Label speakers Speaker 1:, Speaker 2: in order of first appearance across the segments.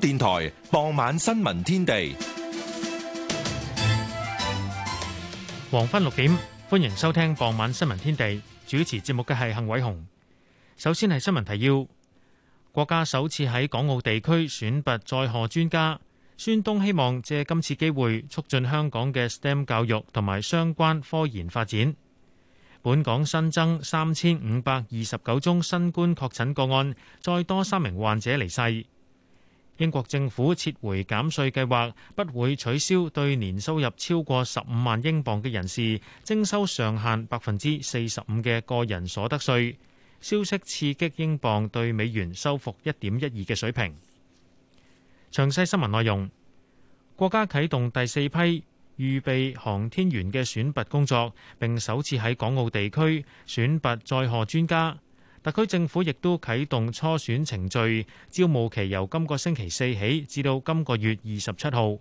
Speaker 1: 電台傍晚新聞天地，黃昏六點
Speaker 2: 歡迎收聽傍晚新聞天地。主持節目嘅係幸偉雄。首先係新聞提要：國家首次喺港澳地區選拔載荷專家。孫東希望借今次機會促進香港嘅 STEM 教育同埋相關科研發展。本港新增三千五百二十九宗新冠確診個案，再多三名患者離世。英國政府撤回減稅計劃，不會取消對年收入超過十五萬英鎊嘅人士徵收上限百分之四十五嘅個人所得稅。消息刺激英鎊對美元收復一點一二嘅水平。詳細新聞內容：國家啟動第四批預備航天員嘅選拔工作，並首次喺港澳地區選拔載荷專家。特區政府亦都啟動初選程序，招募期由今個星期四起至到今個月二十七號。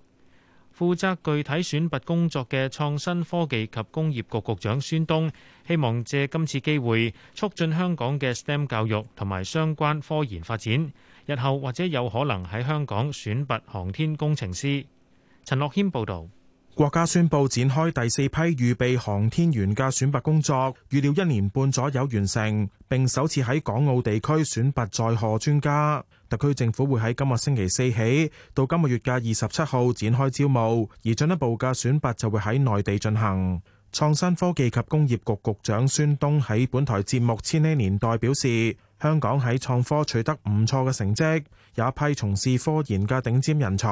Speaker 2: 負責具體選拔工作嘅創新科技及工業局局長孫東希望借今次機會促進香港嘅 STEM 教育同埋相關科研發展，日後或者有可能喺香港選拔航天工程師。陳樂軒報導。
Speaker 3: 國家宣布展開第四批預備航天員嘅選拔工作，預料一年半左右完成，並首次喺港澳地區選拔載荷專家。特區政府會喺今日星期四起到今個月嘅二十七號展開招募，而進一步嘅選拔就會喺內地進行。創新科技及工業局局，局長孫東喺本台節目《千禧年代》表示。香港喺創科取得唔錯嘅成績，有一批從事科研嘅頂尖人才。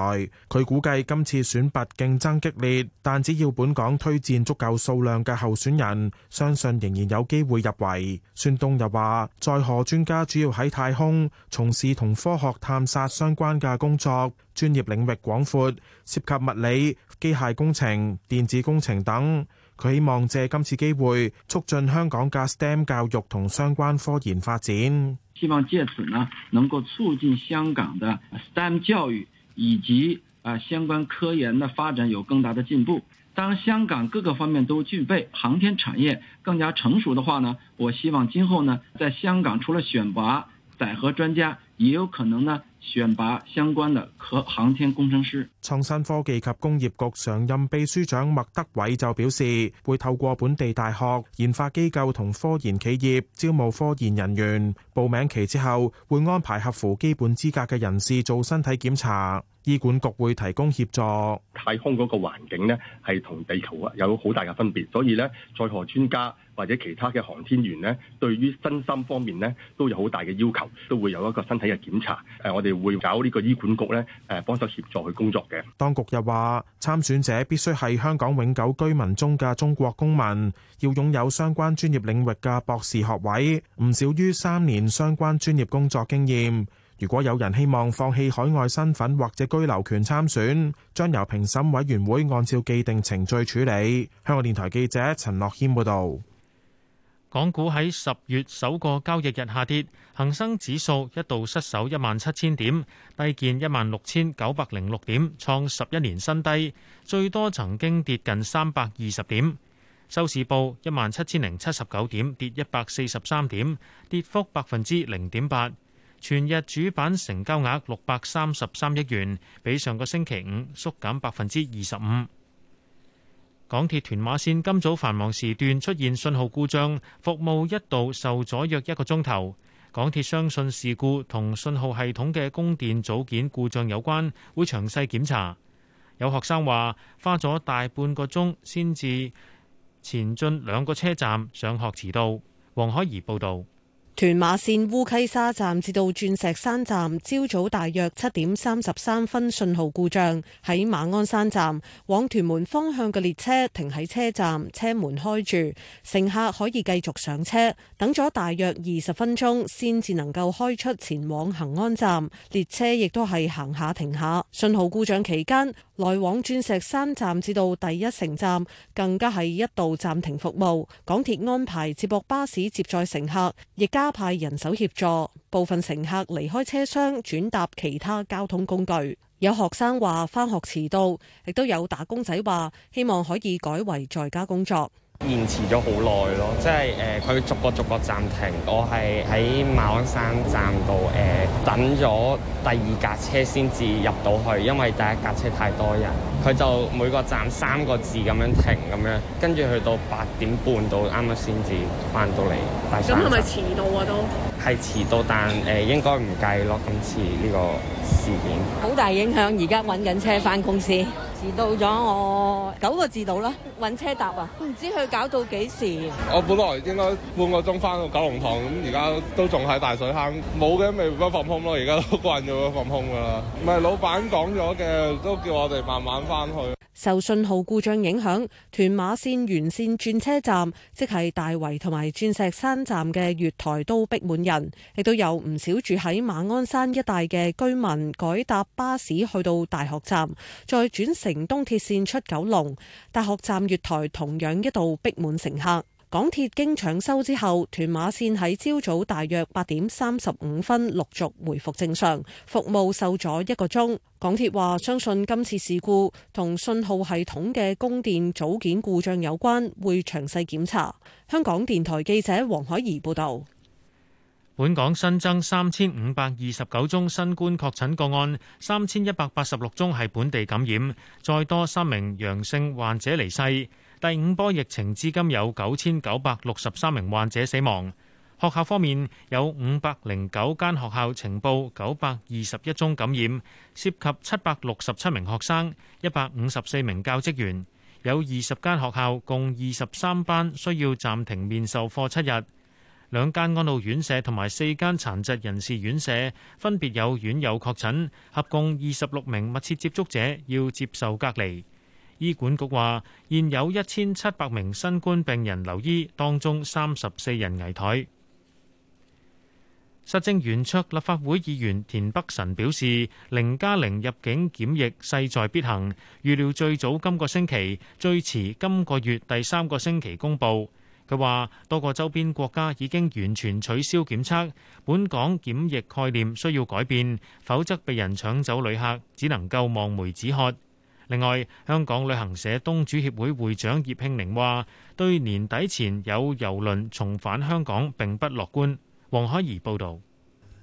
Speaker 3: 佢估計今次選拔競爭激烈，但只要本港推薦足夠數量嘅候選人，相信仍然有機會入圍。孫東又話：載荷專家主要喺太空從事同科學探索相關嘅工作，專業領域廣闊，涉及物理、機械工程、電子工程等。佢希望借今次機會促進香港嘅 STEM 教育同相關科研發展。希望
Speaker 1: 借此呢，能夠促進香港嘅 STEM 教育以及啊相關科研嘅發展有更大嘅進步。當香港各個方面都具備，航天產業更加成熟嘅話呢，我希望今後呢，在香港除了選拔載荷專家，也有可能呢。選拔相關
Speaker 3: 嘅核航天工程師，創新科技及工業局常任秘書長麥德偉就表示，會透過本地大學、研發機構同科研企業招募科研人員。報名期之後，會安排合乎基本資格嘅人士做身體檢查，醫管局會提供協助。
Speaker 1: 太空嗰個環境呢，係同地球有好大嘅分別，所以呢，載荷專家。或者其他嘅航天員咧，對於身心方面咧都有好大嘅要求，都會有一個身體嘅檢查。誒，我哋會搞呢個醫管局咧，誒，幫手協助去工作嘅。
Speaker 3: 當局又話，參選者必須係香港永久居民中嘅中國公民，要擁有相關專業領域嘅博士學位，唔少於三年相關專業工作經驗。如果有人希望放棄海外身份或者居留權參選，將由評審委員會按照既定程序處理。香港電台記者陳樂軒報導。
Speaker 2: 港股喺十月首個交易日下跌，恒生指數一度失守一萬七千點，低見一萬六千九百零六點，創十一年新低，最多曾經跌近三百二十點。收市報一萬七千零七十九點，跌一百四十三點，跌幅百分之零點八。全日主板成交額六百三十三億元，比上個星期五縮減百分之二十五。港鐵屯馬線今早繁忙時段出現信號故障，服務一度受阻約一個鐘頭。港鐵相信事故同信號系統嘅供電組件故障有關，會詳細檢查。有學生話花咗大半個鐘先至前進兩個車站，上學遲到。黃海怡報道。
Speaker 4: 屯馬綫烏溪沙站至到鑽石山站，朝早大約七點三十三分信號故障，喺馬鞍山站往屯門方向嘅列車停喺車站，車門開住，乘客可以繼續上車，等咗大約二十分鐘先至能夠開出前往恒安站，列車亦都係行下停下。信號故障期間，來往鑽石山站至到第一城站更加係一度暫停服務，港鐵安排接駁巴士接載乘客，亦加。加派人手協助，部分乘客離開車廂轉搭其他交通工具。有學生話翻學遲到，亦都有打工仔話希望可以改為在家工作。延遲
Speaker 1: 咗好耐咯，
Speaker 5: 即係誒，佢、呃、逐個逐個暫停。我係喺馬鞍山站度誒、呃、等咗第二架車先至入到去，因為第一架車太多人。佢就每個站三個字咁樣停咁樣，跟住去到八點半到啱啱先至翻到嚟大水坑。咁係咪遲
Speaker 4: 到啊？都
Speaker 5: 係遲到，但誒、呃、應該唔計咯，今次呢個事件。
Speaker 4: 好大影響，而家揾緊車翻公司，遲到咗我九個字到啦，揾車搭啊！唔知佢搞到幾時？
Speaker 6: 我
Speaker 5: 本來應該半個鐘翻到九龍塘，咁而家都仲喺大水坑，冇嘅咪放空咯。而家都慣咗放空噶啦，唔係老闆講咗嘅，都叫我哋慢慢翻。
Speaker 4: 受信號故障影響，屯馬線沿線轉車站，即係大圍同埋鑽石山站嘅月台都逼滿人，亦都有唔少住喺馬鞍山一帶嘅居民改搭巴士去到大學站，再轉乘東鐵線出九龍。大學站月台同樣一度逼滿乘客。港鐵經搶修之後，屯馬線喺朝早大約八點三十五分陸續回復正常，服務受阻一個鐘。港鐵話相信今次事故同信號系統嘅供電組件故障有關，會詳細檢查。香港電台記者黃海怡報道。
Speaker 2: 本港新增三千五百二十九宗新冠確診個案，三千一百八十六宗係本地感染，再多三名陽性患者離世。第五波疫情，至今有九千九百六十三名患者死亡。學校方面，有五百零九間學校呈報九百二十一宗感染，涉及七百六十七名學生、一百五十四名教職員，有二十間學校共二十三班需要暫停面授課七日。兩間安老院舍同埋四間殘疾人士院舍分別有院友確診，合共二十六名密切接觸者要接受隔離。醫管局話現有一千七百名新冠病人留醫，當中三十四人危殆。實政圓桌立法會議員田北辰表示，零加零入境檢疫勢在必行，預料最早今個星期，最遲今個月第三個星期公佈。佢話多個周邊國家已經完全取消檢測，本港檢疫概念需要改變，否則被人搶走旅客，只能夠望梅止渴。另外，香港旅行社東主協會會長葉慶寧話，對年底前有郵輪重返香港並不樂觀。黃海怡報道。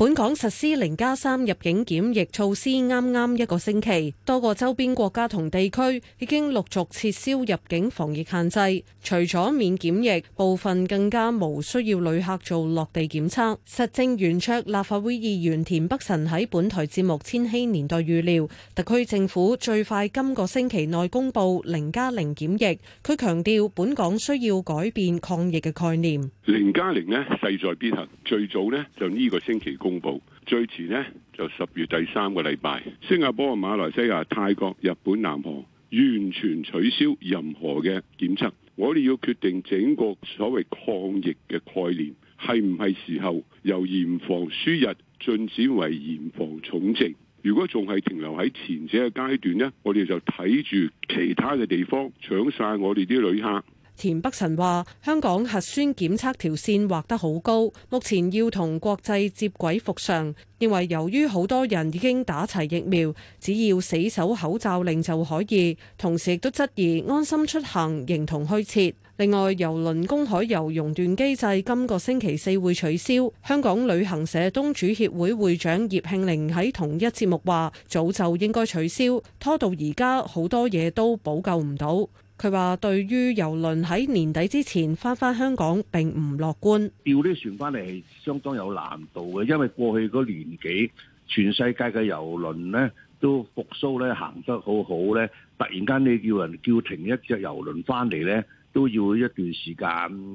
Speaker 4: 本港實施零加三入境檢疫措施啱啱一個星期，多個周邊國家同地區已經陸續撤銷入境防疫限制，除咗免檢疫，部分更加無需要旅客做落地檢測。實政圓桌立法會議員田北辰喺本台節目《千禧年代》預料，特區政府最快今個星期內公佈零加零檢疫。佢強調，本港需要改變抗疫嘅概念。
Speaker 1: 零加零呢勢在必行，最早呢，就呢個星期公布最遲呢，就十月第三個禮拜，新加坡、馬來西亞、泰國、日本、南韓完全取消任何嘅檢測。我哋要決定整個所謂抗疫嘅概念係唔係時候由嚴防輸入進展為嚴防重症。如果仲係停留喺前者嘅階段呢，我哋就睇住其他嘅地方搶晒我哋啲旅客。
Speaker 4: 田北辰話：香港核酸檢測條線畫得好高，目前要同國際接軌復常。認為由於好多人已經打齊疫苗，只要死守口罩令就可以。同時亦都質疑安心出行形同虛設。另外，郵輪公海遊熔斷機制今個星期四會取消。香港旅行社東主協會會長葉慶寧喺同一節目話：早就應該取消，拖到而家好多嘢都補救唔到。佢話：對於郵輪喺年底之前
Speaker 1: 翻返香港並唔樂觀。調啲船翻嚟係相當有難度嘅，因為過去嗰年幾全世界嘅郵輪呢都復甦咧，行得好好咧，突然間你叫人叫停一隻郵輪翻嚟咧，都要一段時間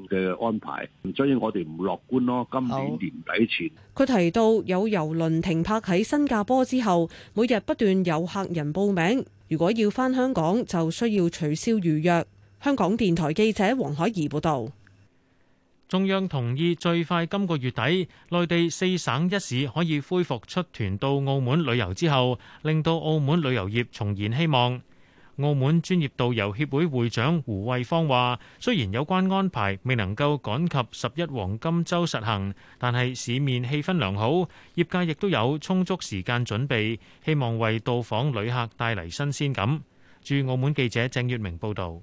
Speaker 1: 嘅安排，所以我哋唔樂觀咯。今年年底前，
Speaker 4: 佢提到有郵輪停泊喺新加坡之後，每日不斷有客人報名。如果要返香港，就需要取消預約。香港電台記者黃海怡報道。
Speaker 2: 中央同意最快今個月底，內地四省一市可以恢復出團到澳門旅遊之後，令到澳門旅遊業重燃希望。澳門專業導遊協會會長胡慧芳話，雖然有關安排未能夠趕及十一黃金周實行，但係市面氣氛良好，業界亦都有充足時間準備，希望為到訪旅客帶嚟新鮮感。駐澳門記者鄭月明報道。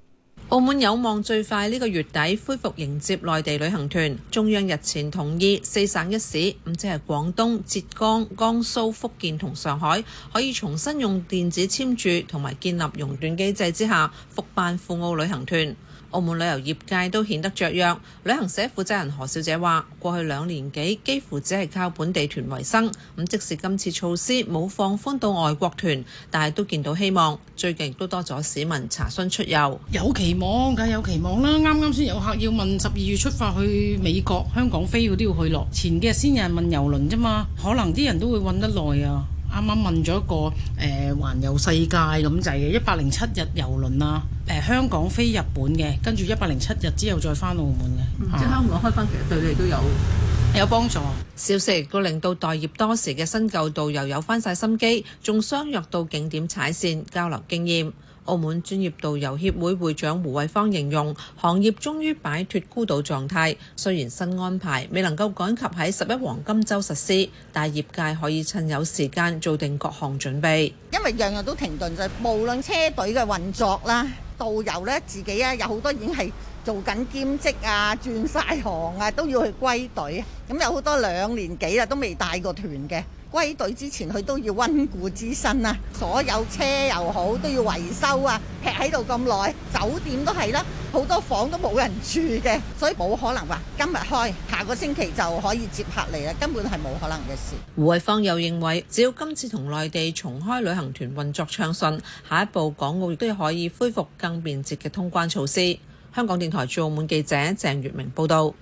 Speaker 7: 澳門有望最快呢個月底恢復迎接內地旅行團。中央日前同意四省一市，咁即係廣東、浙江、江蘇、福建同上海，可以重新用電子簽注同埋建立熔斷機制之下復辦赴澳旅行團。澳門旅遊業界都顯得雀躍。旅行社負責人何小姐話：過去兩年幾幾乎只係靠本地團為生，咁即使今次措施冇放寬到外國團，但係都見到希望。最近都多咗市民查詢出遊，有期望梗有期望啦。啱啱先有客要問十二月出發去美國，香港飛佢都要去落。前幾日先有人問郵輪啫嘛，可能啲人都會搵得耐啊。啱啱問咗個誒、呃、環遊世界咁就係，一百零七日遊輪啦。誒、呃、香港飛日本嘅，跟住一百零七日之後再翻澳門嘅，即係、嗯啊、香港開翻，其實對你哋都有有幫助。消息亦令到待業多時嘅新舊導遊有翻晒心機，仲相約到景點踩線交流經驗。澳門專業導遊協會會長胡慧芳形容，行業終於擺脫孤島狀態。雖然新安排未能夠趕及喺十一黃金周實施，但係業界可以趁有時間做定各項準備。
Speaker 8: 因為樣樣都停頓，就係無論
Speaker 6: 車隊嘅運作啦，導遊咧自己呀有好多已經係做緊兼職啊，轉晒行啊，都要去歸隊。咁有好多兩年幾呀，都未帶過團嘅。歸隊之前，佢都要溫故知新啊！所有車又好，都要維修啊！喺喺度咁耐，酒店都係啦，好多房都冇人住嘅，所以冇可能話今日開，下個星期就可以接客嚟啦，根本係冇可能嘅事。
Speaker 7: 胡慧芳又認為，只要今次同內地重開旅行團運作暢順，下一步港澳亦都可以恢復更便捷嘅通關措施。香港電台駐澳門記者鄭月明報導。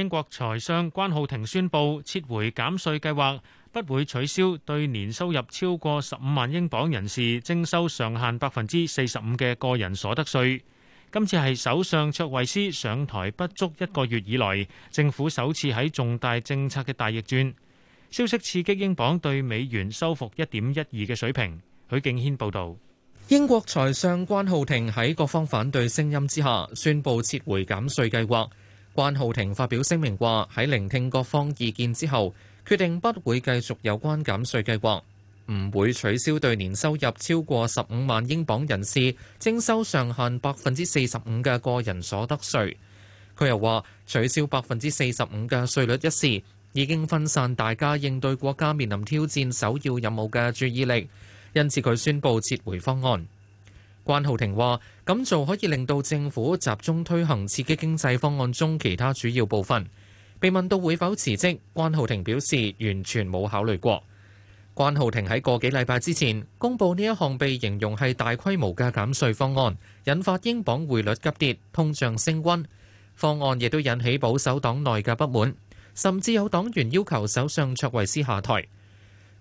Speaker 2: 英國財相關浩庭宣布撤回減稅計劃，不會取消對年收入超過十五萬英鎊人士徵收上限百分之四十五嘅個人所得稅。今次係首相卓慧斯上台不足一個月以來，政府首次喺重大政策嘅大逆轉。消息刺激英鎊對美元收復一點一二嘅水平。許敬軒報道。
Speaker 9: 英國財相關浩庭喺各方反對聲音之下宣布撤回減稅計劃。關浩庭發表聲明話：喺聆聽各方意見之後，決定不會繼續有關減稅計劃，唔會取消對年收入超過十五萬英鎊人士徵收上限百分之四十五嘅個人所得稅。佢又話：取消百分之四十五嘅稅率一事，已經分散大家應對國家面臨挑戰首要任務嘅注意力，因此佢宣布撤回方案。關浩庭話：咁做可以令到政府集中推行刺激經濟方案中其他主要部分。被問到會否辭職，關浩庭表示完全冇考慮過。關浩庭喺個幾禮拜之前公佈呢一項被形容係大規模嘅減稅方案，引發英鎊匯率急跌、通脹升温。方案亦都引起保守黨內嘅不滿，甚至有黨員要求首相卓慧思下台。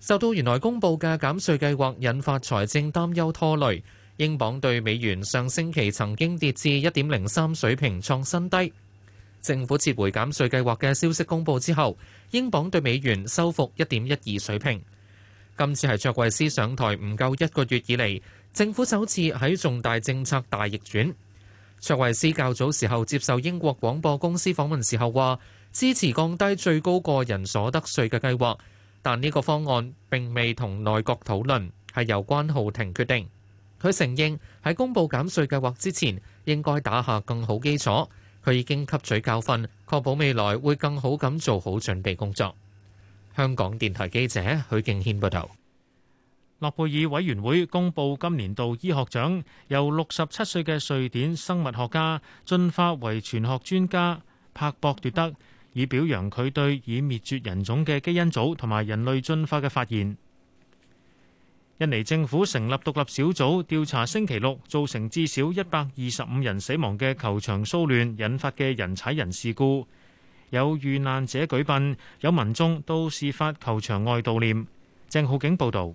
Speaker 9: 受到原來公佈嘅減稅計劃引發財政擔憂拖累。英鎊對美元上星期曾經跌至一點零三水平，創新低。政府撤回減稅計劃嘅消息公佈之後，英鎊對美元收復一點一二水平。今次係卓慧斯上台唔夠一個月以嚟，政府首次喺重大政策大逆轉。卓慧斯較早時候接受英國廣播公司訪問時候，話支持降低最高個人所得稅嘅計劃，但呢個方案並未同內閣討論，係由關浩庭決定。佢承認喺公布減稅計劃之前，應該打下更好基礎。佢已經吸取教訓，確保未來會更好咁做好準備工作。香港電台記者許敬軒報道。
Speaker 2: 諾貝爾委員會公布今年度醫學獎，由六十七歲嘅瑞典生物學家進化遺傳學專家帕博奪得，以表揚佢對已滅絕人種嘅基因組同埋人類進化嘅發現。印尼政府成立獨立小組調查星期六造成至少一百二十五人死亡嘅球場騷亂引發嘅人踩人事故，有遇難者舉殯，有民眾到事發球場外悼念。鄭浩景報道。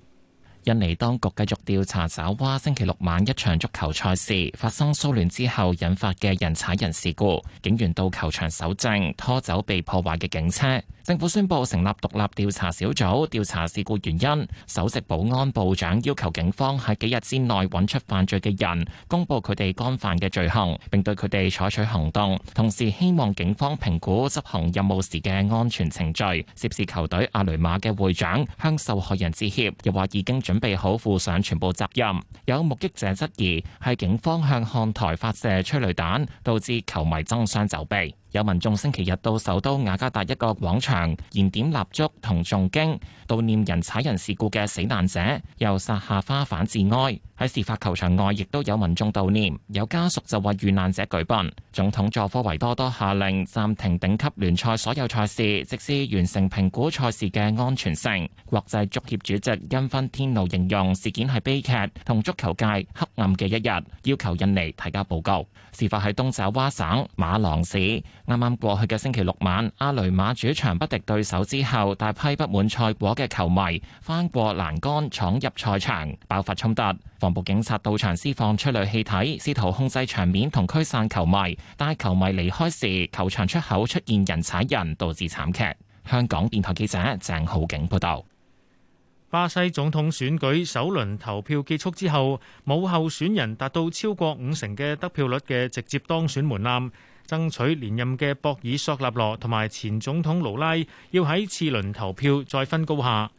Speaker 10: 印尼當局繼續調查爪哇星期六晚一場足球賽事發生騷亂之後引發嘅人踩人事故，警員到球場搜證，拖走被破壞嘅警車。政府宣佈成立獨立調查小組調查事故原因。首席保安部長要求警方喺幾日之內揾出犯罪嘅人，公布佢哋干犯嘅罪行，並對佢哋採取行動，同時希望警方評估執行任務時嘅安全程序。涉事球隊阿雷馬嘅會長向受害人致歉，又話已經準備好負上全部責任。有目擊者質疑係警方向看台發射催淚彈導致球迷爭相走避。有民眾星期日到首都雅加達一個廣場燃點蠟燭同誦經悼念人踩人事故嘅死難者，又撒下花瓣致哀。喺事發球場外亦都有民眾悼念，有家屬就為遇難者舉辦。總統佐科維多多下令暫停頂級聯賽所有賽事，直至完成評估賽事嘅安全性。國際足協主席因芬天奴形容事件係悲劇同足球界黑暗嘅一日，要求印尼提交報告。事發喺東爪哇省馬朗市。啱啱過去嘅星期六晚，阿雷馬主場不敵對手之後，大批不滿賽果嘅球迷翻過欄杆闖入賽場，爆發衝突。防暴警察到場施放催淚氣體，試圖控制場面同驅散球迷。但係球迷離開時，球場出口出現人踩人，導致慘劇。香港電台記者鄭浩景報導。
Speaker 2: 巴西總統選舉首輪投票結束之後，冇候選人達到超過五成嘅得票率嘅直接當選門檻。爭取連任嘅博爾索納羅同埋前總統盧拉，要喺次輪投票再分高下。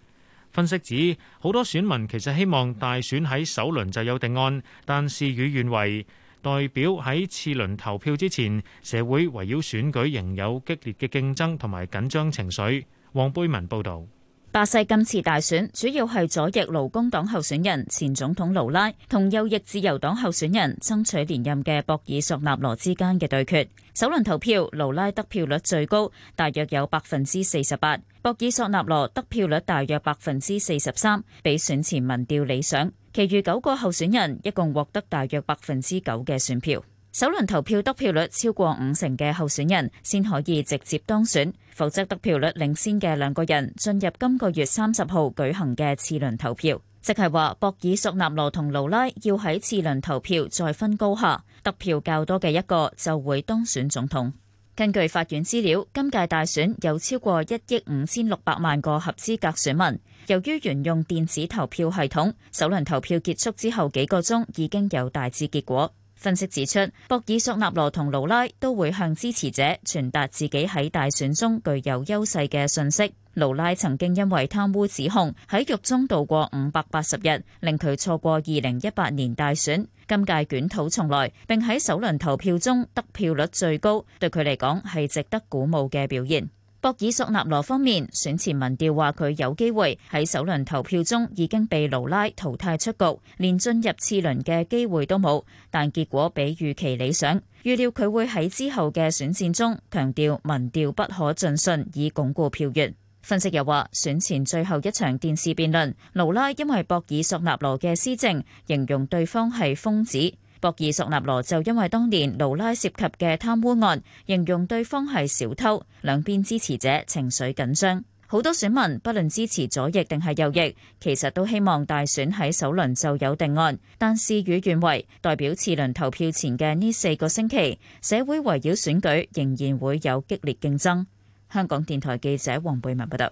Speaker 2: 分析指，好多選民其實希望大選喺首輪就有定案，但事與願違。代表喺次輪投票之前，社會圍繞選舉仍有激烈嘅競爭同埋緊張情緒。黃貝文報導。
Speaker 11: 巴西今次大選主要係左翼勞工黨候選人前總統盧拉同右翼自由黨候選人爭取連任嘅博爾索納羅之間嘅對決。首輪投票，盧拉得票率最高，大約有百分之四十八；博爾索納羅得票率大約百分之四十三，比選前民調理想。其餘九個候選人一共獲得大約百分之九嘅選票。首輪投票得票率超過五成嘅候選人先可以直接當選，否則得票率領先嘅兩個人進入今個月三十號舉行嘅次輪投票，即係話博爾索納羅同盧拉要喺次輪投票再分高下，得票較多嘅一個就會當選總統。根據法院資料，今屆大選有超過一億五千六百萬個合資格選民，由於沿用電子投票系統，首輪投票結束之後幾個鐘已經有大致結果。分析指出，博爾索納羅同盧拉都會向支持者傳達自己喺大選中具有優勢嘅信息。盧拉曾經因為貪污指控喺獄中度過五百八十日，令佢錯過二零一八年大選。今屆捲土重來，並喺首輪投票中得票率最高，對佢嚟講係值得鼓舞嘅表現。博爾索納羅方面，選前民調話佢有機會喺首輪投票中已經被盧拉淘汰出局，連進入次輪嘅機會都冇。但結果比預期理想，預料佢會喺之後嘅選戰中強調民調不可盡信，以鞏固票源。分析又話，選前最後一場電視辯論，盧拉因為博爾索納羅嘅施政，形容對方係瘋子。博爾索納羅就因為當年盧拉涉及嘅貪污案，形容對方係小偷，兩邊支持者情緒緊張。好多選民不論支持左翼定係右翼，其實都希望大選喺首輪就有定案，但事與願違，代表次輪投票前嘅呢四個星期，社會圍繞選舉仍然會有激烈競爭。香港電台記者黃貝文報道。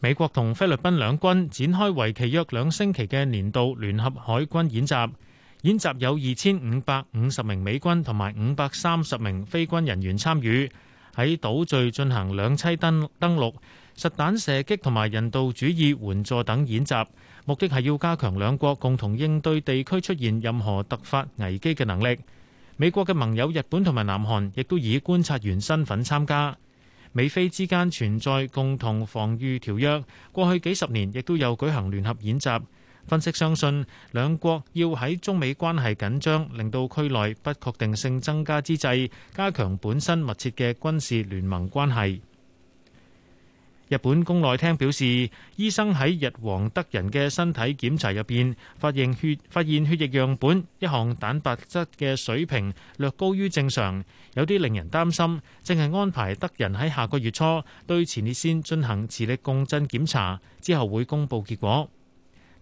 Speaker 2: 美國同菲律賓兩軍展開為期約兩星期嘅年度聯合海軍演習。演習有二千五百五十名美軍同埋五百三十名非軍人員參與，喺島嶼進行兩棲登登陸實彈射擊同埋人道主義援助等演習目的係要加強兩國共同應對地區出現任何突發危機嘅能力。美國嘅盟友日本同埋南韓亦都以觀察員身份參加。美菲之間存在共同防禦條約，過去幾十年亦都有舉行聯合演習。分析相信，兩國要喺中美關係緊張，令到區內不確定性增加之際，加強本身密切嘅軍事聯盟關係。日本宮內廳表示，醫生喺日皇德仁嘅身體檢查入邊發現血發現血液樣本一項蛋白質嘅水平略高於正常，有啲令人擔心。正係安排德仁喺下個月初對前列腺進行磁力共振檢查，之後會公布結果。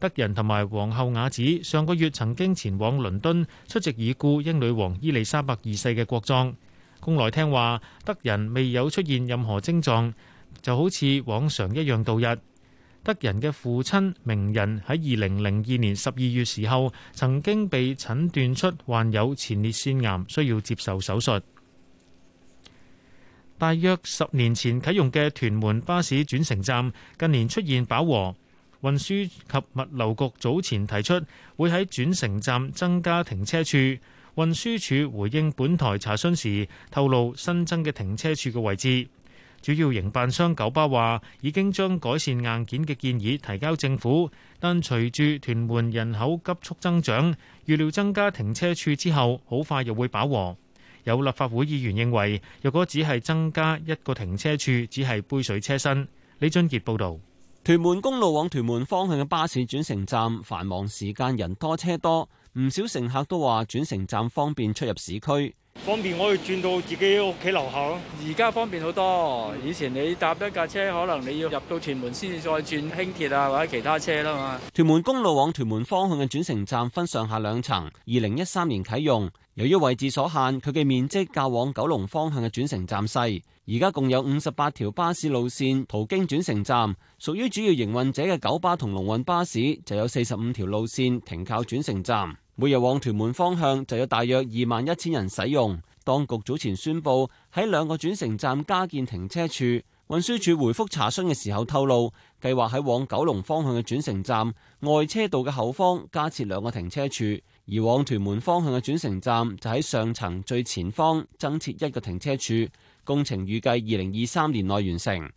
Speaker 2: 德仁同埋皇后雅子上個月曾經前往倫敦出席已故英女王伊麗莎白二世嘅國葬。宮內廳話，德仁未有出現任何症狀，就好似往常一樣度日。德仁嘅父親明仁喺二零零二年十二月時候曾經被診斷出患有前列腺癌，需要接受手術。大約十年前啟用嘅屯門巴士轉乘站近年出現飽和。運輸及物流局早前提出會喺轉乘站增加停車處。運輸署回應本台查詢時透露，新增嘅停車處嘅位置。主要營辦商九巴話已經將改善硬件嘅建議提交政府，但隨住屯門人口急速增長，預料增加停車處之後好快又會飽和。有立法會議員認為，若果只係增加一個停車處，只係杯水車薪。李俊傑報導。屯門公路往屯門方向嘅巴士轉乘站，繁忙時間人多車
Speaker 12: 多，唔少乘客都話轉乘站方便出入市區。
Speaker 1: 方便我可以轉到自己屋企樓下咯，而家方便好多。以前你搭一架車，可能你要入到屯
Speaker 2: 門先至再轉輕鐵啊，或者其他車啦嘛。
Speaker 12: 屯門公路往屯門方向嘅轉乘站分上下兩層，二零一三年啟用。由於位置所限，佢嘅面積較往九龍方向嘅轉乘站細。而家共有五十八條巴士路線途經轉乘站，屬於主要營運者嘅九巴同龍運巴士就有四十五條路線停靠轉乘站。每日往屯門方向就有大約二萬一千人使用。當局早前宣布喺兩個轉乘站加建停車處。運輸署回覆查詢嘅時候透露，計劃喺往九龍方向嘅轉乘站外車道嘅後方加設兩個停車處，而往屯門方向嘅轉乘站就喺上層最前方增設一個停車處。工程預計二零二三年內完成。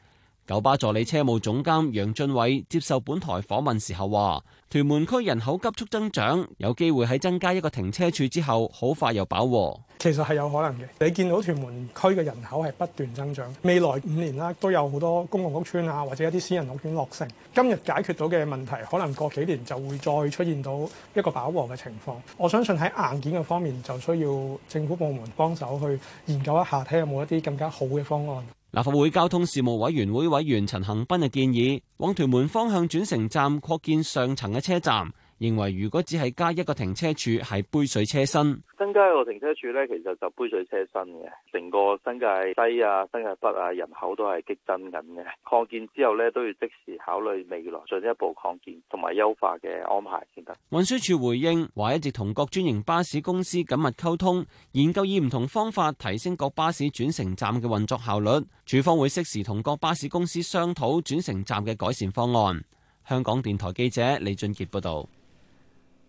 Speaker 12: 九巴助理車務總監楊俊偉接受本台訪問時候話，屯門區人口急速增長，有機會喺增加一個停車處之後，好快又飽和。
Speaker 3: 其實係有可能嘅，你見到屯門區嘅人口係不斷增長，未來五年啦，都有好多公共屋村啊，或者一啲私人屋苑落成。今日解決到嘅問題，可能過幾年就會再出現到一個飽和嘅情況。我相信喺硬件嘅方面，就需要政府部門幫手去研究一下，睇有冇一啲更加好嘅方案。
Speaker 12: 立法會交通事務委員會委員陳恒斌嘅建議，往屯門方向轉乘站擴建上層嘅車站。認為，如果只係加一個停車處係杯水車薪，
Speaker 1: 增加一個停車處呢，其實就杯水車薪嘅。成個新界西啊、新界北啊，人口都係激增緊嘅。擴建之後呢，都要即時考慮未來進一步擴建同埋優化嘅安排先得。
Speaker 12: 運輸署回應話，一直同各專營巴士公司緊密溝通，研究以唔同方法提升各巴士轉乘站嘅運作效率。署方會適時同各巴士公司商討轉乘站
Speaker 2: 嘅改善方案。香港電台記者李俊杰報道。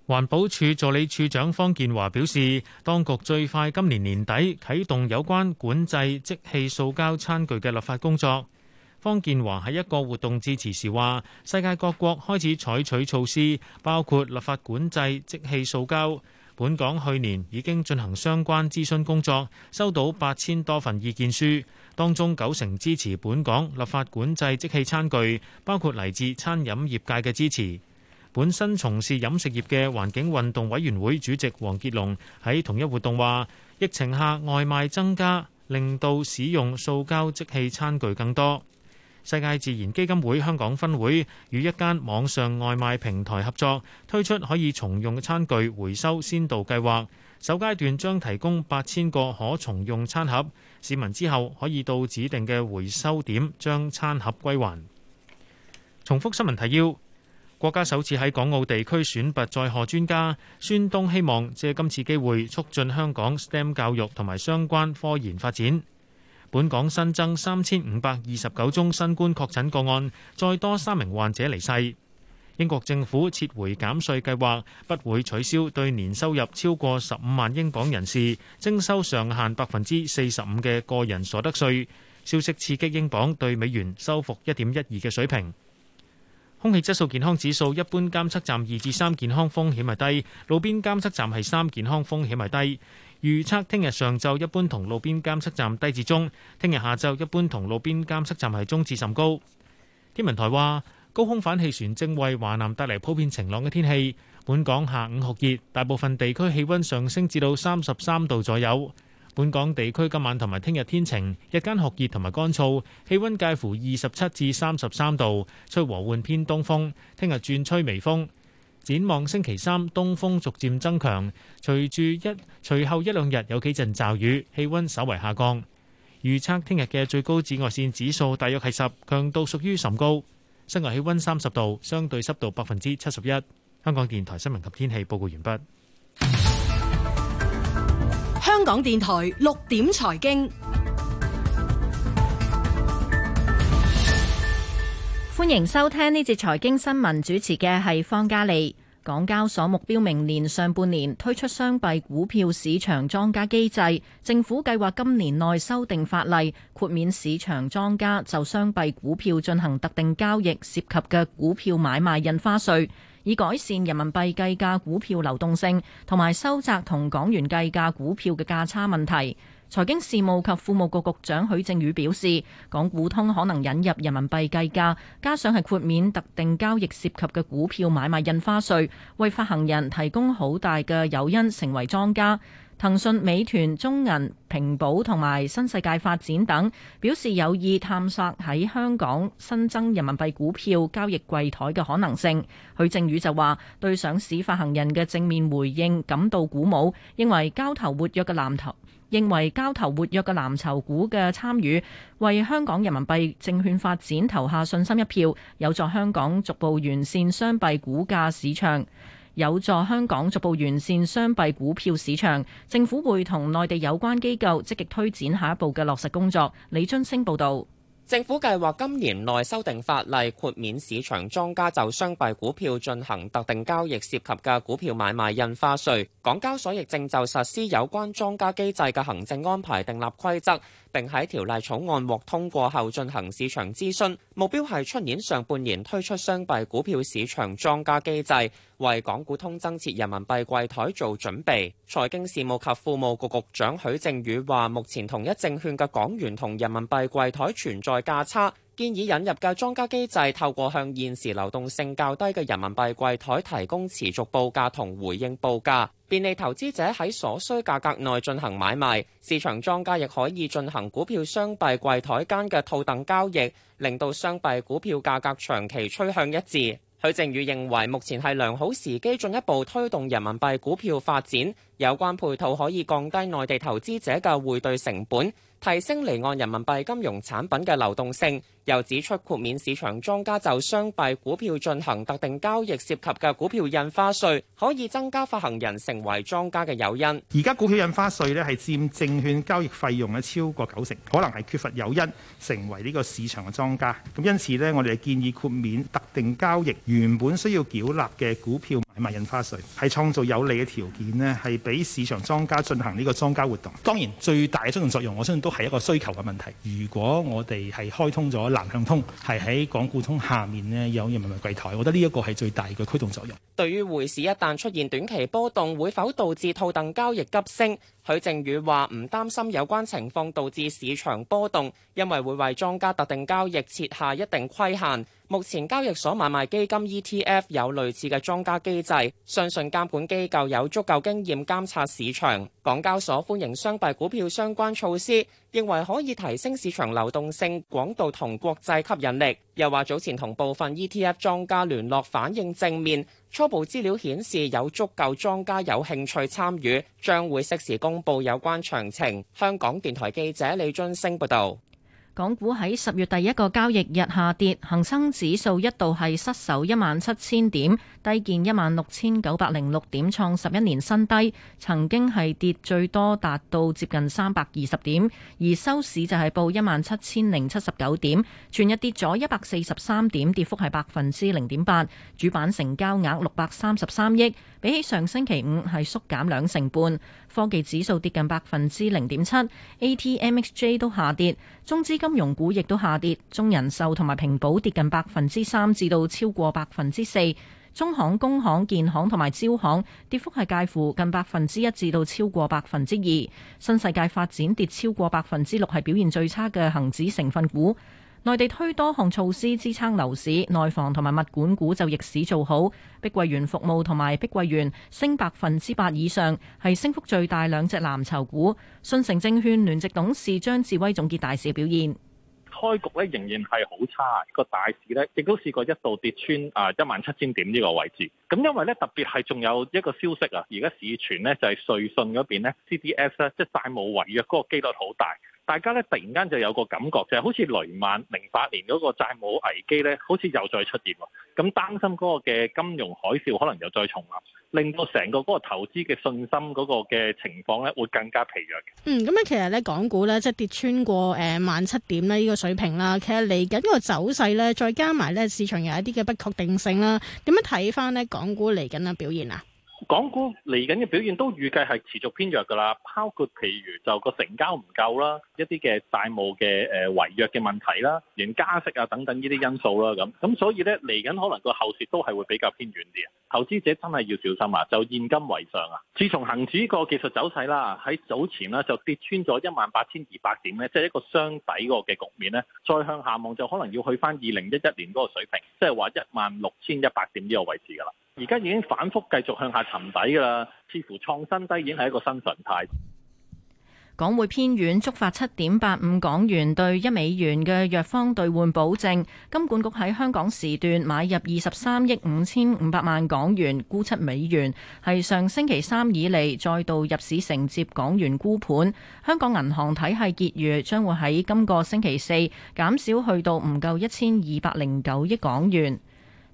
Speaker 2: 環保署助理處長方建華表示，當局最快今年年底啟動有關管制即棄塑膠餐具嘅立法工作。方建華喺一個活動致辭時話，世界各國開始採取措施，包括立法管制即棄塑膠。本港去年已經進行相關諮詢工作，收到八千多份意見書，當中九成支持本港立法管制即棄餐具，包括嚟自餐飲業界嘅支持。本身從事飲食業嘅環境運動委員會主席黃傑龍喺同一活動話：疫情下外賣增加，令到使用塑膠即棄餐具更多。世界自然基金會香港分會與一間網上外賣平台合作，推出可以重用嘅餐具回收先導計劃。首階段將提供八千個可重用餐盒，市民之後可以到指定嘅回收點將餐盒歸還。重複新聞提要。國家首次喺港澳地區選拔載荷專家，孫東希望借今次機會促進香港 STEM 教育同埋相關科研發展。本港新增三千五百二十九宗新冠確診個案，再多三名患者離世。英國政府撤回減稅計劃，不會取消對年收入超過十五萬英鎊人士徵收上限百分之四十五嘅個人所得稅。消息刺激英鎊對美元收復一點一二嘅水平。空氣質素健康指數，一般監測站二至三，健康風險係低，路邊監測站係三，健康風險係低。預測聽日上晝一般同路邊監測站低至中，聽日下晝一般同路邊監測站係中至甚高。天文台話，高空反氣旋正為華南帶嚟普遍晴朗嘅天氣，本港下午酷熱，熱，大部分地區氣温上升至到三十三度左右。本港地區今晚同埋聽日天晴，日間酷熱同埋乾燥，氣温介乎二十七至三十三度，吹和緩偏東風。聽日轉吹微風。展望星期三，東風逐漸增強，隨住一，隨後一兩日有幾陣驟雨，氣温稍為下降。預測聽日嘅最高紫外線指數大約係十，強度屬於甚高。室外氣温三十度，相對濕度百分之七十一。香港電台新聞及天氣報告完畢。
Speaker 4: 香港電台六點財經，歡
Speaker 6: 迎收聽呢節財經新聞。主持嘅係方嘉莉。港交所目標明年上半年推出雙幣股票市場莊家機制，政府計劃今年內修訂法例，豁免市場莊家就雙幣股票進行特定交易涉及嘅股票買賣印花稅。以改善人民幣計價股票流動性，同埋收窄同港元計價股票嘅價差問題。財經事務及庫務局局長許正宇表示，港股通可能引入人民幣計價，加上係豁免特定交易涉及嘅股票買賣印花稅，為發行人提供好大嘅誘因，成為莊家。騰訊、美團、中銀、平保同埋新世界發展等表示有意探索喺香港新增人民幣股票交易櫃台嘅可能性。許正宇就話，對上市發行人嘅正面回應感到鼓舞，認為交投活躍嘅藍籌，認為交投活躍嘅藍籌股嘅參與，為香港人民幣證券發展投下信心一票，有助香港逐步完善雙幣股價市場，有助香港逐步完善雙幣股票市場，政府會同內地有關機構積極推展下一步嘅落實工作。李津星報道。政府計劃今年內修訂法例，豁
Speaker 5: 免市場莊家就雙幣股票進行特定交易涉及嘅股票買賣印花稅。港交所亦正就實施有關莊家機制嘅行政安排訂立規則，並喺條例草案獲通過後進行市場諮詢。目標係出年上半年推出雙幣股票市場莊家機制，為港股通增設人民幣櫃台做準備。財經事務及庫務局局長許正宇話：目前同一證券嘅港元同人民幣櫃台存在價差，建議引入嘅莊家機制，透過向現時流動性較低嘅人民幣櫃台提供持續報價同回應報價，便利投資者喺所需價格內進行買賣，市場莊家亦可以進行股票雙幣櫃台間嘅套戥交易，令到雙幣股票價格長期趨向一致。許正宇認為目前係良好時機進一步推動人民幣股票發展。有關配套可以降低內地投資者嘅匯兌成本，提升離岸人民幣金融產品嘅流動性，又指出豁免市場莊家就雙幣股票進行特定交易涉及嘅股票印花稅，可以增加發行人成為莊家嘅誘因。
Speaker 3: 而家股票印花稅咧係佔證券交易費用嘅超過九成，可能係缺乏誘因成為呢個市場嘅莊家。咁因此咧，我哋建議豁
Speaker 2: 免特定交易原本需要繳納嘅股票。埋印花稅，係創造有利嘅條件呢，係俾市場莊家進行呢個莊家活動。當然，最大嘅推動作用，我相信都係一個需求嘅問題。如果我哋係開通咗南向通，係喺港股通下面呢，有人民幣櫃台，我覺得呢一個係最大嘅驅動作用。
Speaker 5: 對於匯市一旦出現短期波動，會否導致套戥交易急升？許正宇話唔擔心有關情況導致市場波動，因為會為莊家特定交易設下一定規限。目前交易所買賣基金 ETF 有類似嘅莊家機制，相信監管機構有足夠經驗監察市場。港交所歡迎雙幣股票相關措施，認為可以提升市場流動性、廣度同國際吸引力。又話早前同部分 ETF 莊家聯絡，反映正面，初步資料顯示有足夠莊家有興趣參與，將會適時公佈有關詳情。香港電台記者李津星報道。
Speaker 6: 港股喺十月第一個交易日下跌，恒生指數一度係失守一萬七千點。低見一萬六千九百零六點，創十一年新低。曾經係跌最多達到接近三百二十點，而收市就係報一萬七千零七十九點，全日跌咗一百四十三點，跌幅係百分之零點八。主板成交額六百三十三億，比起上星期五係縮減兩成半。科技指數跌近百分之零點七，ATMXJ 都下跌，中資金融股亦都下跌，中人壽同埋平保跌近百分之三至到超過百分之四。中行、工行、建行同埋招行跌幅係介乎近百分之一至到超過百分之二，新世界發展跌超過百分之六，係表現最差嘅恒指成分股。內地推多項措施支撐樓市，內房同埋物管股就逆市做好。碧桂園服務同埋碧桂園升百分之八以上，係升幅最大兩隻藍籌股。信誠證券聯席董事張志威總結大市表現。
Speaker 1: 開局咧仍然係好差，個大市咧亦都試過一度跌穿啊一萬七千點呢個位置。咁因為咧特別係仲有一個消息啊，而家市傳咧就係瑞信嗰邊咧 CDS 咧即債務違約嗰個機率好大。大家咧突然間就有個感覺，就係、是、好似雷曼零八年嗰個債務危機咧，好似又再出現，咁擔心嗰個嘅金融海嘯可能又再重臨，令到成個嗰個投資嘅信心嗰個嘅情況咧，會更加疲弱
Speaker 8: 嘅。嗯，咁啊、呃，其實咧，港股咧即係跌穿過誒萬七點咧呢個水平啦。其實嚟緊個走勢咧，再加埋咧市場有一啲嘅不確定性啦。點樣睇返咧港股嚟緊嘅表現啊？
Speaker 3: 港股
Speaker 1: 嚟緊嘅表現都預計係持續偏弱噶啦，包括譬如就個成交唔夠啦，一啲嘅債務嘅誒違約嘅問題啦，連加息啊等等呢啲因素啦，咁咁所以咧嚟緊可能個後市都係會比較偏軟啲啊！投資者真係要小心啊！就現金為上啊！自從恆指個技術走勢啦，喺早前咧就跌穿咗一萬八千二百點咧，即係一個雙底個嘅局面咧，再向下望就可能要去翻二零一一年嗰個水平，即係話一萬六千一百點呢個位置噶啦。而家已經反覆繼續向下沉底㗎啦，似乎創新低已經係一個新常態。
Speaker 6: 港匯偏軟，觸發七點八五港元對一美元嘅弱方兌換保證。金管局喺香港時段買入二十三億五千五百萬港元沽七美元，係上星期三以嚟再度入市承接港元沽盤。香港銀行體系結餘將會喺今個星期四減少去到唔夠一千二百零九億港元。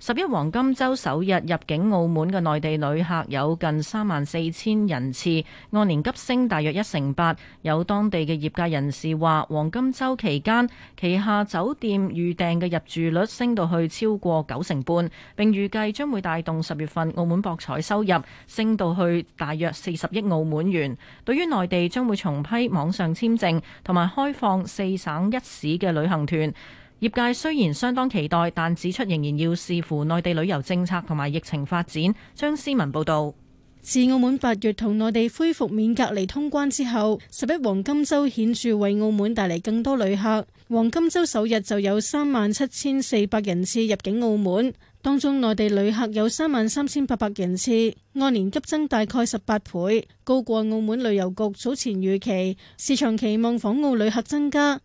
Speaker 6: 十一黃金週首日入境澳門嘅內地旅客有近三萬四千人次，按年急升大約一成八。有當地嘅業界人士話，黃金週期間旗下酒店預訂嘅入住率升到去超過九成半，並預計將會帶動十月份澳門博彩收入升到去大約四十億澳門元。對於內地將會重批網上簽證，同埋開放四省一市嘅旅行團，業界雖然相當期待，但指出仍然要視乎內地旅遊政策同埋疫情發展。張思文報導，
Speaker 8: 自澳門八月同內地恢復免隔離通關之後，十一黃金週顯著為澳門帶嚟更多旅客。黃金週首日就有三萬七千四百人次入境澳門，當中內地旅客有三萬三千八百人次，按年急增大概十八倍，高過澳門旅遊局早前預期。市場期望訪澳旅客增加。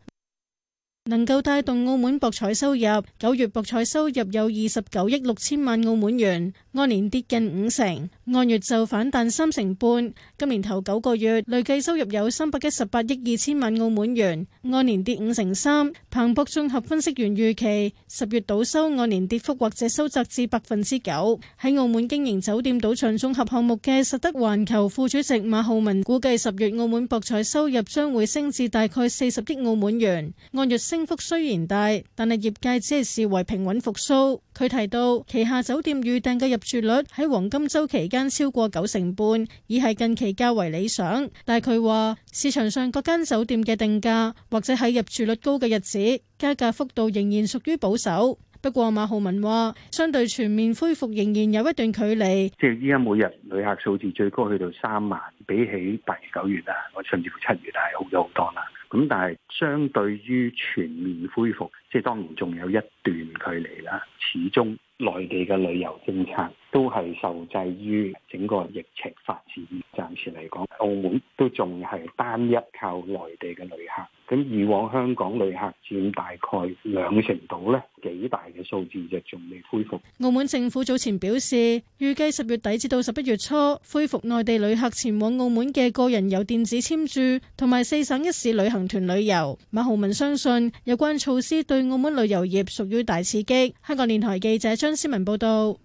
Speaker 8: 能夠帶動澳門博彩收入。九月博彩收入有二十九億六千萬澳門元，按年跌近五成。按月就反彈三成半，今年頭九個月累計收入有三百一十八億二千萬澳門元，按年跌五成三。彭博綜合分析員預期十月賭收按年跌幅或者收窄至百分之九。喺澳門經營酒店賭場綜合項目嘅實德環球副主席馬浩文，估計十月澳門博彩收入將會升至大概四十億澳門元。按月升幅雖然大，但係業界只係視為平穩復甦。佢提到旗下酒店預訂嘅入住率喺黃金週期間超過九成半，已係近期較為理想。但係佢話市場上各間酒店嘅定價，或者喺入住率高嘅日子，加價幅度仍然屬於保守。不過馬浩文話，相對全面恢復仍然有一段距離。
Speaker 1: 即係依家每日旅客數字最高去到三萬，比起八月、九月啊，我甚至乎七月係好咗好多啦。咁但係相對於全面恢復，即係當年仲有一段距離啦。始終內地嘅旅遊政策。都係受制於整個疫情發展，暫時嚟講，澳門都仲係單一靠內地嘅旅客。咁以往香港旅客佔大概兩成度咧，幾大嘅數字就仲
Speaker 8: 未恢復。澳門政府早前表示，預計十月底至到十一月初恢復內地旅客前往澳門嘅個人遊電子簽注同埋四省一市旅行團旅遊。馬浩文相信有關措施對澳門旅遊業屬於大刺激。香港電台記者張思文報道。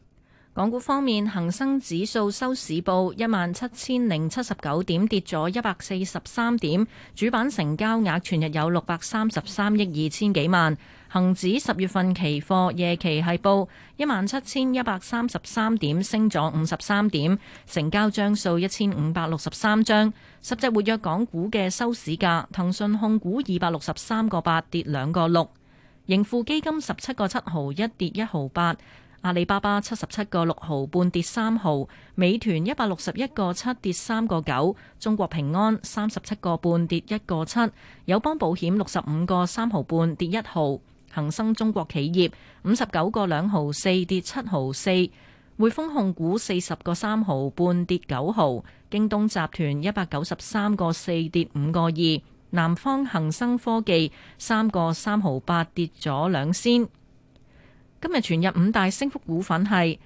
Speaker 8: 港股方面，恒生指數收市報一萬
Speaker 6: 七千零七十九點，跌咗一百四十三點。主板成交額全日有六百三十三億二千幾萬。恒指十月份期貨夜期係報一萬七千一百三十三點，升咗五十三點，成交張數一千五百六十三張。十隻活躍港股嘅收市價，騰訊控股二百六十三個八跌兩個六，盈富基金十七個七毫一跌一毫八。阿里巴巴七十七個六毫半跌三毫，美團一百六十一個七跌三個九，中國平安三十七個半跌一個七，友邦保險六十五個三毫半跌一毫，恒生中國企業五十九個兩毫四跌七毫四，匯豐控股四十個三毫半跌九毫，京東集團一百九十三個四跌五個二，南方恒生科技三個三毫八跌咗兩仙。今日全日五大升幅股份係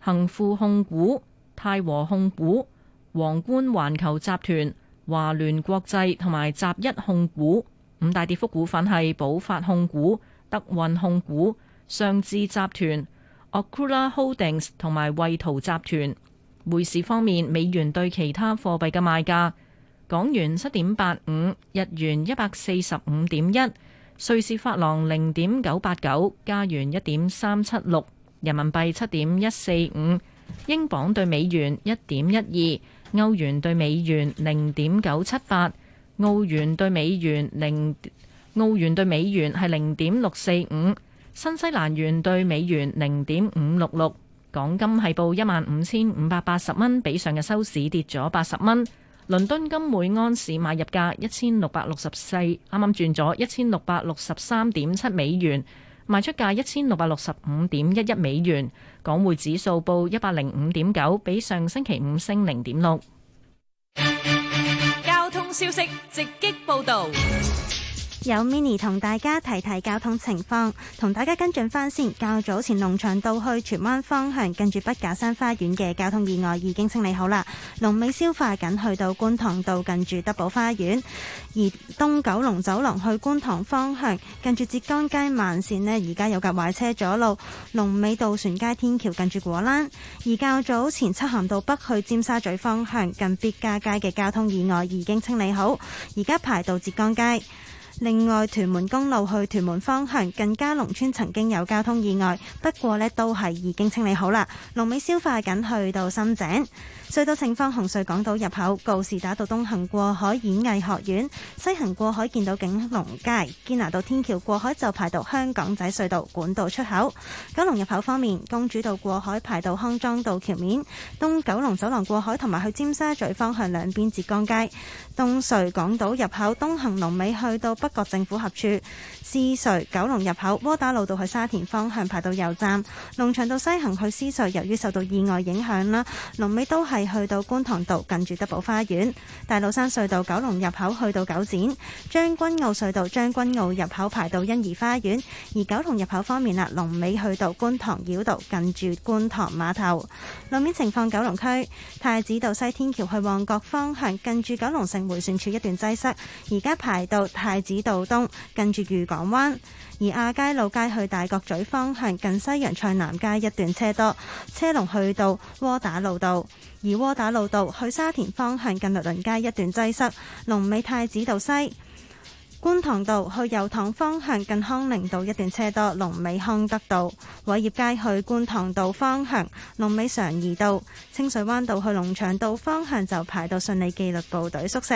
Speaker 6: 恒富控股、泰和控股、皇冠環球集團、華聯國際同埋集一控股。五大跌幅股份係寶發控股、德運控股、尚志集團、Oculus Holdings 同埋惠圖集團。匯市方面，美元對其他貨幣嘅賣價，港元七點八五，日元一百四十五點一。瑞士法郎零點九八九，加元一點三七六，人民幣七點一四五，英鎊對美元一點一二，歐元對美元零點九七八，澳元對美元零，澳元對美元係零點六四五，新西蘭元對美元零點五六六，港金係報一萬五千五百八十蚊，比上日收市跌咗八十蚊。倫敦金每安士買入價一千六百六十四，啱啱轉咗一千六百六十三點七美元，賣出價一千六百六十五點一一美元。港匯指數報一百零五點九，比上星期五升零點六。交通消息直擊報道。
Speaker 13: 有 mini 同大家提提交通情況，同大家跟進翻先。較早前龍翔道去荃灣方向，近住畢架山花園嘅交通意外已經清理好啦。龍尾消化緊，去到觀塘道近住德寶花園。而東九龍走廊去觀塘方向，近住浙江街慢線呢，而家有架壞車阻路。龍尾渡船街天橋近住果欄。而較早前漆咸道北去尖沙咀方向，近必嘉街嘅交通意外已經清理好，而家排到浙江街。另外屯門公路去屯門方向，更加農村曾經有交通意外，不過呢都係已經清理好啦。龍尾消化緊去到深井隧道情況，紅隧港島入口告士打道東行過海演藝學院，西行過海見到景隆街，堅拿道天橋過海就排到香港仔隧道管道出口。九龍入口方面，公主道過海排到康莊道橋面，東九龍走廊過海同埋去尖沙咀方向兩邊浙江街，東隧港島入口東行龍尾去到北，各政府合署，獅隧九龍入口窩打老道去沙田方向排到油站，龍翔道西行去獅隧，由於受到意外影響啦，龍尾都係去到觀塘道近住德寶花園，大老山隧道九龍入口去到九展，將軍澳隧道將軍澳入口排到欣怡花園，而九龍入口方面啦，龍尾去到觀塘繞道近住觀塘碼頭，路面情況九龍區太子道西天橋去旺角方向近住九龍城迴旋處一段擠塞，而家排到太子道東跟住愉港灣，而亞皆老街去大角咀方向近西洋菜南街一段車多，車龍去到窩打老道；而窩打老道去沙田方向近律倫街一段擠塞，龍尾太子道西、觀塘道去油塘方向近康寧道一段車多，龍尾康德道、偉業街去觀塘道方向龍尾常宜道、清水灣道去龍翔道方向就排到順利紀律部隊宿舍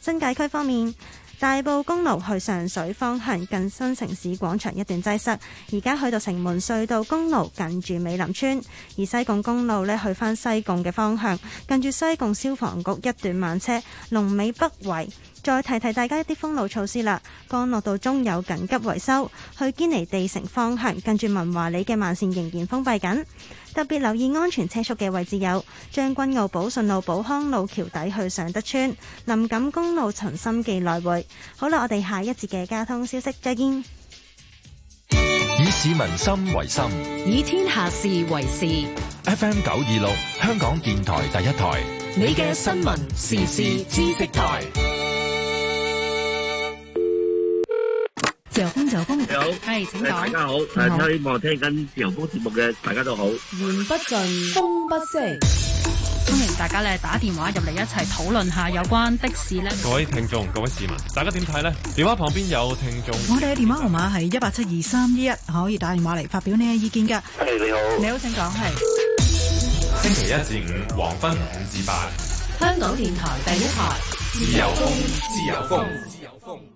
Speaker 13: 新界區方面。大埔公路去上水方向近新城市廣場一段擠塞，而家去到城門隧道公路近住美林村，而西貢公路呢去返西貢嘅方向近住西貢消防局一段慢車，龍尾北圍。再提提大家一啲封路措施啦。干諾道中有緊急維修，去堅尼地城方向，近住文華里嘅慢線仍然封閉緊。特別留意安全車速嘅位置有將軍澳寶順路、寶康路橋底去上德村、林錦公路陳心記來回。好啦，我哋下一節嘅交通消息，再見。
Speaker 1: 以市民心為心，
Speaker 13: 以天下事為事。
Speaker 1: FM 九二六，香港電台第一台，
Speaker 9: 你嘅新聞時事知識台。
Speaker 4: 係，hey,
Speaker 5: 請講。大家好，係希望聽緊自由風
Speaker 1: 節目嘅，大家都好。
Speaker 4: 言不盡，風不息。歡迎大家咧打
Speaker 6: 電話入嚟一齊討論下有關的士咧。各位
Speaker 1: 聽眾，各位市民，大家點睇咧？電話旁邊有聽眾。我哋
Speaker 4: 嘅電話號碼係一八七二三一一，可以打電話嚟發表你嘅意見噶。
Speaker 1: Hello, 你好。你好，請講。係。星期一至五，黃昏五至八。
Speaker 4: 香港電台第一台，台，自
Speaker 1: 由，自由風，自由風，自由風。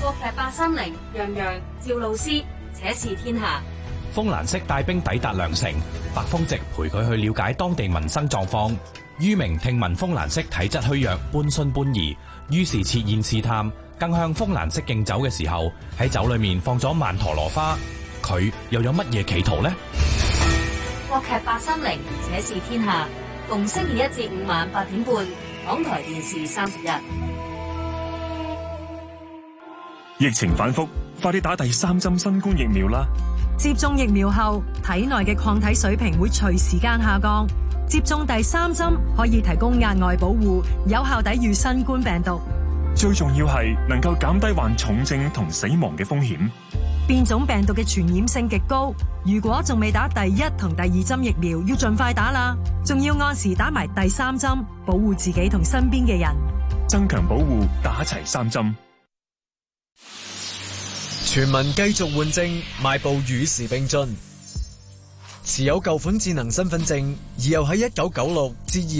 Speaker 11: 國劇《八三零》，楊洋、趙露思，且試天下。
Speaker 1: 風蘭色帶兵抵達涼城，白風直陪佢去了解當地民生狀況。于明聽聞風蘭色體質虛弱，半信半疑，於是設宴試探，更向風蘭色敬酒嘅時候，喺酒裏面放咗曼陀羅花。佢又有乜嘢企圖呢？
Speaker 11: 國劇《八三零》，且試天下，逢星期一至五晚八點半，港台電視三十一。
Speaker 1: 疫情反覆，快啲打第三針新冠疫苗啦！
Speaker 11: 接種
Speaker 4: 疫苗後，體內嘅抗體水平會隨時間下降。接種第三針可以提供額外保護，有效抵御新冠病毒。
Speaker 1: 最重要係能夠減低患重症同死亡嘅風險。
Speaker 6: 變種病毒嘅傳染性極高，如果仲未打第一同第二針疫苗，要盡快打啦！仲要按時打埋第
Speaker 4: 三針，保護自己同身邊嘅人，
Speaker 1: 增強保護，打齊三針。全民繼續換證，邁步與時並
Speaker 2: 進。
Speaker 11: 持有舊款智能身份證，而又喺一九九六至二。